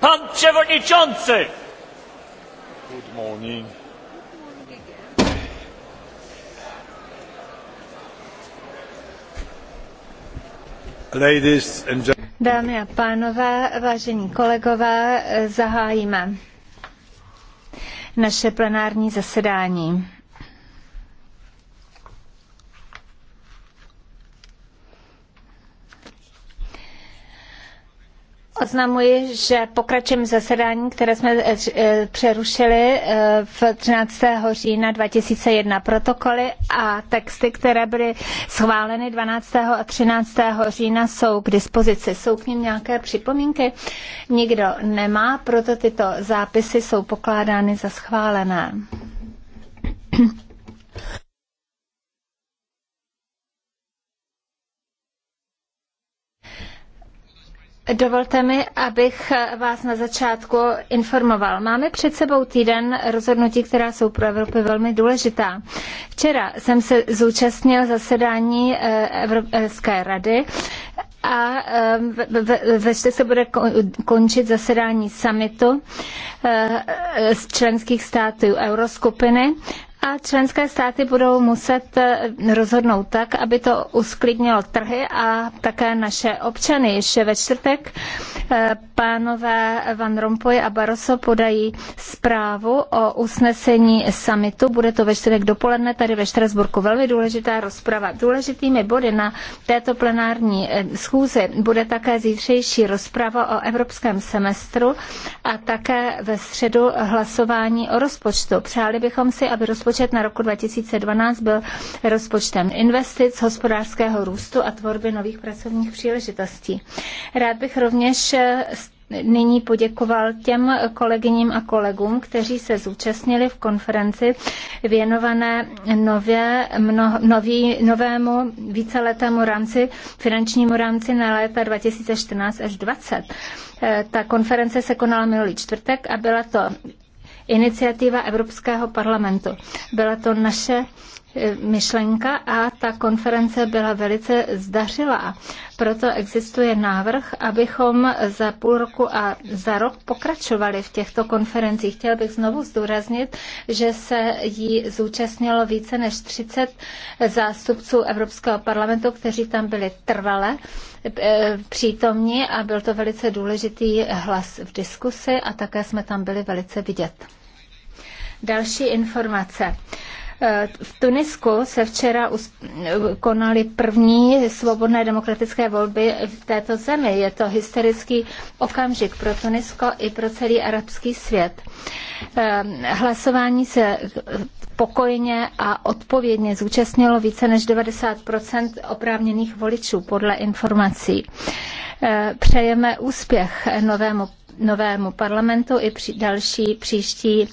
Pan przewodniczący! Good morning. Dámy a pánové, vážení kolegové, zahájíme naše plenární zasedání. Oznamuji, že pokračujeme zasedání, které jsme eh, eh, přerušili eh, v 13. října 2001. Protokoly a texty, které byly schváleny 12. a 13. října, jsou k dispozici. Jsou k nim nějaké připomínky? Nikdo nemá, proto tyto zápisy jsou pokládány za schválené. Dovolte mi, abych vás na začátku informoval. Máme před sebou týden rozhodnutí, která jsou pro Evropu velmi důležitá. Včera jsem se zúčastnil zasedání eh, Evropské rady a eh, ve čtvrtek se bude končit zasedání summitu eh, z členských států euroskupiny a členské státy budou muset eh, rozhodnout tak, aby to usklidnilo trhy a také naše občany. Ještě ve čtvrtek eh, pánové Van Rompuy a Barroso podají zprávu o usnesení summitu. Bude to ve čtvrtek dopoledne tady ve Štrasburku. Velmi důležitá rozprava. Důležitými body na této plenární eh, schůzi bude také zítřejší rozprava o evropském semestru a také ve středu hlasování o rozpočtu. Přáli bychom si, aby rozpočet na roku 2012 byl rozpočtem investic, hospodářského růstu a tvorby nových pracovních příležitostí. Rád bych rovněž nyní poděkoval těm kolegyním a kolegům, kteří se zúčastnili v konferenci věnované nově, mno, nový, novému víceletému rámci, finančnímu rámci na léta 2014 až 2020. Eh, ta konference se konala minulý čtvrtek a byla to iniciativa Evropského parlamentu. Byla to naše myšlenka a ta konference byla velice zdařilá. Proto existuje návrh, abychom za půl roku a za rok pokračovali v těchto konferencích. Chtěl bych znovu zdůraznit, že se jí zúčastnilo více než 30 zástupců Evropského parlamentu, kteří tam byli trvale eh, přítomní a byl to velice důležitý hlas v diskusi a také jsme tam byli velice vidět. Další informace. Eh, v Tunisku se včera konaly první svobodné demokratické volby v této zemi. Je to historický okamžik pro Tunisko i pro celý arabský svět. Eh, hlasování se pokojně a odpovědně zúčastnilo více než 90 oprávněných voličů podle informací. Eh, přejeme úspěch novému novému parlamentu i při další příští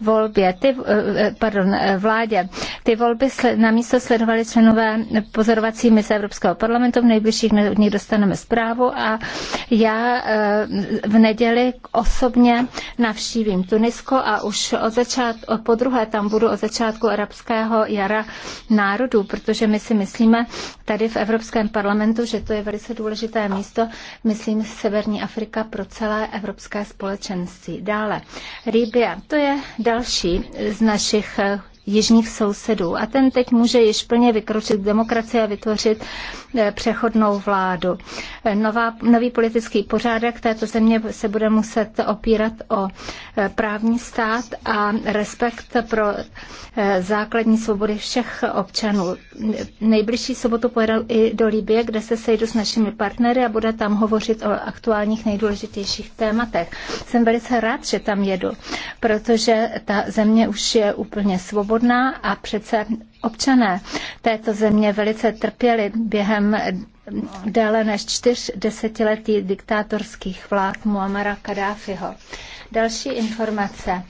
volbě, ty, eh, pardon, eh, vládě. Ty volby na místo sledovali členové pozorovací mise Evropského parlamentu. V nejbližších dnech dostaneme zprávu a já eh, v neděli osobně navštívím Tunisko a už od začátku, po druhé tam budu od začátku arabského jara národů, protože my si myslíme tady v Evropském parlamentu, že to je velice důležité místo, myslím Severní Afrika pro celé Evropské Evropské společenství. Dále, Rybia, to je další z našich jižních sousedů. A ten teď může již plně vykročit k demokracii a vytvořit eh, přechodnou vládu. Eh, nová, nový politický pořádek této země se bude muset opírat o eh, právní stát a respekt pro základní svobody všech občanů. Nejbližší sobotu pojedu i do Libie, kde se sejdu s našimi partnery a bude tam hovořit o aktuálních nejdůležitějších tématech. Jsem velice rád, že tam jedu, protože ta země už je úplně svobodná svobodná a přece občané této země velice trpěli během déle než čtyř desetiletí diktátorských vlád Muamara Kadáfiho. Další informace.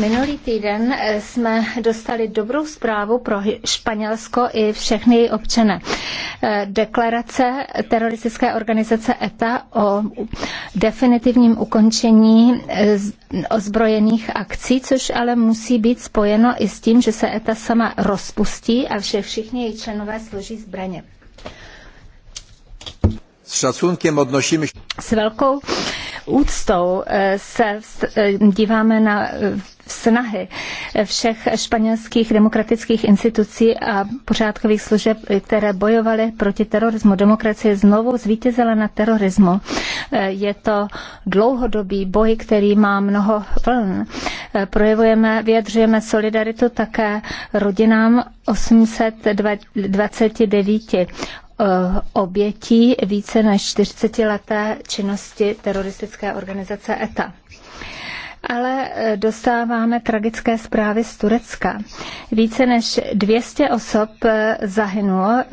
Minulý týden eh, jsme dostali dobrou zprávu pro Španělsko i všechny její občany. Eh, Deklarace teroristické organizace ETA o definitivním ukončení eh, ozbrojených akcí, což ale musí být spojeno i s tím, že se ETA sama rozpustí a že všichni její členové složí zbraně. S odnosíme S velkou úctou eh, se eh, díváme na eh, snahy všech španělských demokratických institucí a pořádkových služeb, které bojovaly proti terorismu. Demokracie znovu zvítězila na terorismu. Je to dlouhodobý boj, který má mnoho vln. Projevujeme, vyjadřujeme solidaritu také rodinám 829 Eh, obětí více než 40 leté činnosti teroristické organizace ETA. Ale eh, dostáváme tragické zprávy z Turecka. Více než 200 osob eh, zahynulo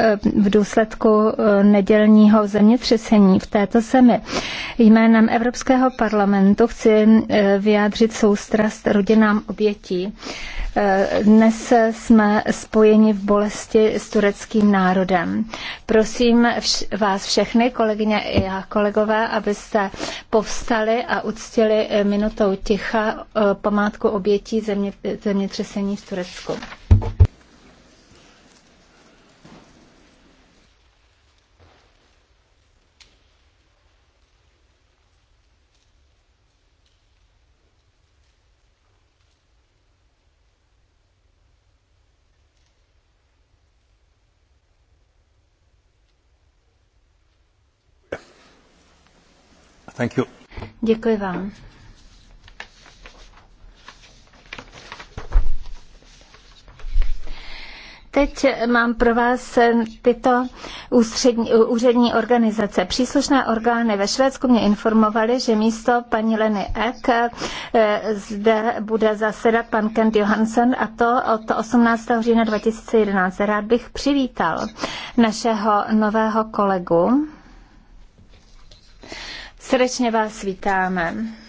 v důsledku nedělního zemětřesení v této zemi. Jménem Evropského parlamentu chci vyjádřit soustrast rodinám obětí dnes jsme spojeni v bolesti s tureckým národem. Prosím vás všechny, kolegyně i kolegové, abyste povstali a uctili minutou ticha eh, památku obětí země, zemětřesení v Turecku. Thank you. Děkuji vám. teď mám pro vás tyto ústřední, úřední organizace. Příslušné orgány ve Švédsku mě informovaly, že místo paní Leny Ek eh, zde bude zasedat pan Kent Johansson a to od 18. října 2011. Rád bych přivítal našeho nového kolegu. Srdečně vás vítáme.